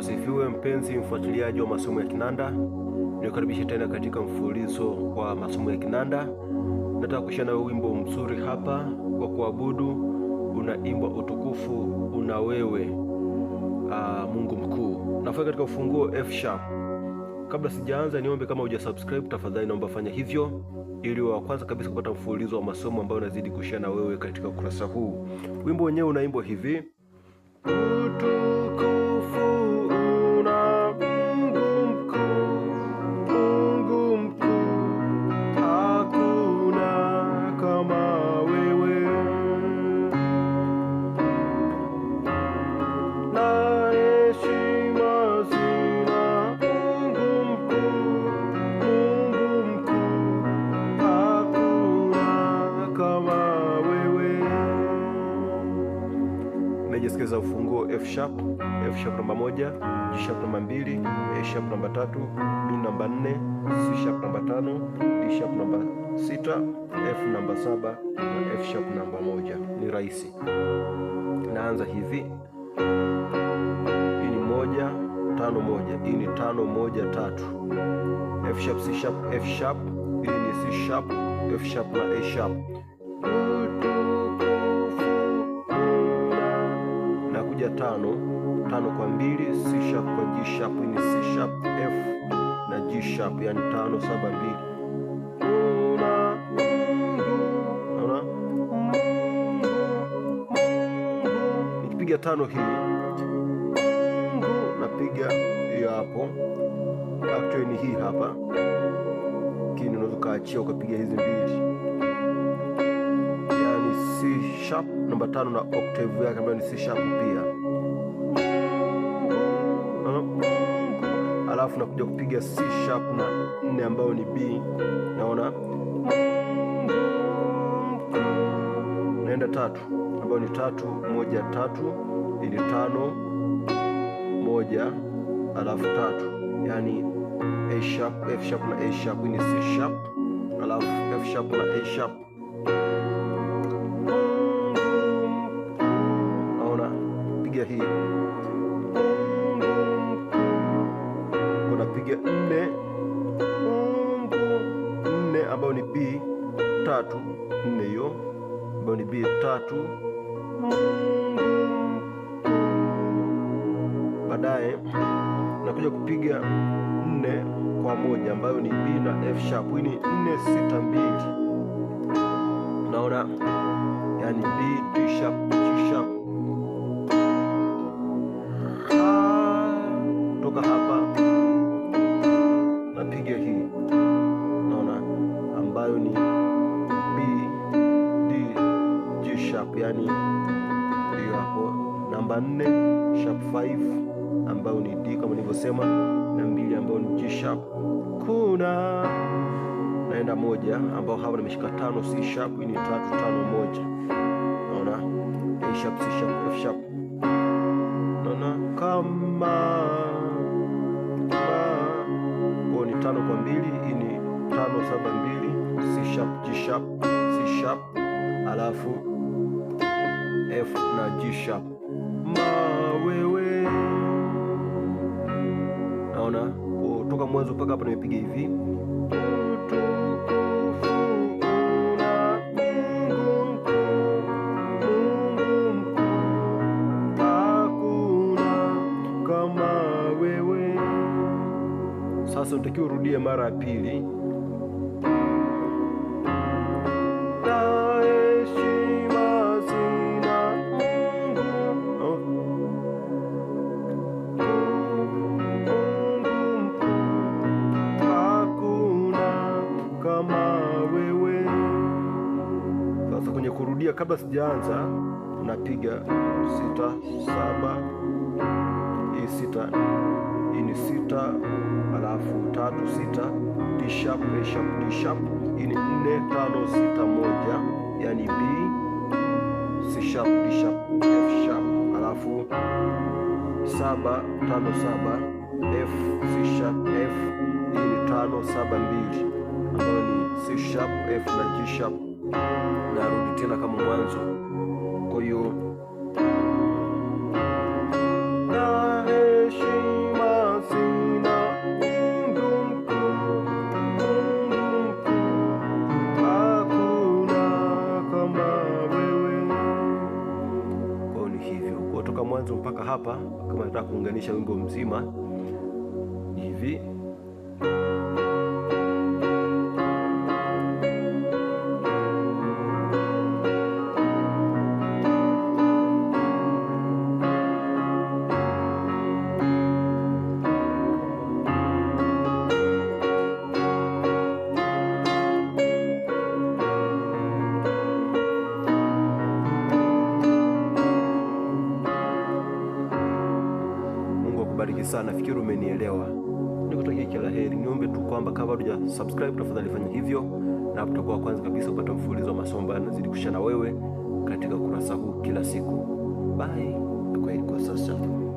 Usifiwe mpenzi mfuatiliaji wa masomo ya kinanda, nikukaribisha tena katika mfululizo wa masomo ya kinanda. Nataka kushia nawe wimbo mzuri hapa wa kuabudu, unaimbwa utukufu una wewe, uh, Mungu mkuu. Nafanya katika ufunguo F sharp. Kabla sijaanza, niombe kama uja subscribe, tafadhali naomba fanya hivyo ili wa kwanza kabisa kupata mfululizo wa masomo ambayo nazidi kushia na wewe katika ukurasa huu. Wimbo wenyewe unaimbwa hivi Utu. F sharp, F sharp namba moja, G sharp namba mbili, A sharp namba tatu, B namba nne, C sharp namba tano, D sharp namba sita, F namba saba na F sharp namba moja. Ni rahisi. Naanza hivi, hii ni moja tano moja, hii ni tano moja tatu, F sharp, C sharp, F sharp, hii ni C sharp, F sharp na A sharp tano kwa mbili, C sharp kwa G sharp, ni C sharp F na G sharp, yani tano saba mbili. Unaona nikipiga tano hii napiga hiyo hapo, actually ni hii hapa, lakini unaweza ukaachia ukapiga hizi mbili yani C sharp namba tano na octave yake ambayo ni C sharp pia alafu nakuja kupiga C sharp na nne ambayo ni B, naona naenda tatu ambayo ni tatu moja tatu, ili tano moja alafu tatu, yani A sharp, F sharp na A sharp, ni C sharp alafu F sharp na A sharp. Naona piga hii tatu nne hiyo ambayo ni B tatu. Baadaye nakuja kupiga nne kwa moja ambayo ni B na F sharp. Hii ni nne sita mbili, naona yani B D sharp G sharp kutoka hapa napiga hii naona ambayo ni yani ndio hapo namba 4 sharp 5 ambayo ni D kama nilivyosema, na mbili ambayo ni G sharp. Kuna naenda moja ambao hapo nimeshika tano C sharp, ni tatu tano moja, naona A sharp, C sharp, F sharp, naona kama kwa ni tano kwa mbili, hii ni tano saba mbili, C sharp, G sharp, C sharp alafu F na G sharp. Mawewe, naona kutoka oh, mwanzo mpaka hapa nimepiga hivi Sasa unatakiwa urudie mara ya pili. unapiga kabla sijaanza napiga sita saba, hii sita, hii ni sita, alafu tatu sita, D sharp, A sharp, D sharp. Hii ni nne tano sita moja, yani B, C sharp, D sharp, F sharp, alafu saba tano saba, F, C sharp, F. Hii ni tano saba mbili ambayo ni C sharp, F na G sharp narudi tena kama mwanzo. Kwa hiyo na heshima sina Mungu mkuu, hakuna kama wewe. Kwa hiyo ni hivyo, kutoka mwanzo mpaka hapa, kama nataka kuunganisha wimbo mzima sana, nafikiri umenielewa. Nikutakia kila heri, niombe tu kwamba kama bado huja subscribe tafadhali fanya hivyo, na utakuwa kwanza kabisa upata mfululizo wa masomo yanazidi kushana wewe katika ukurasa huu kila siku. Bye kwa sasa.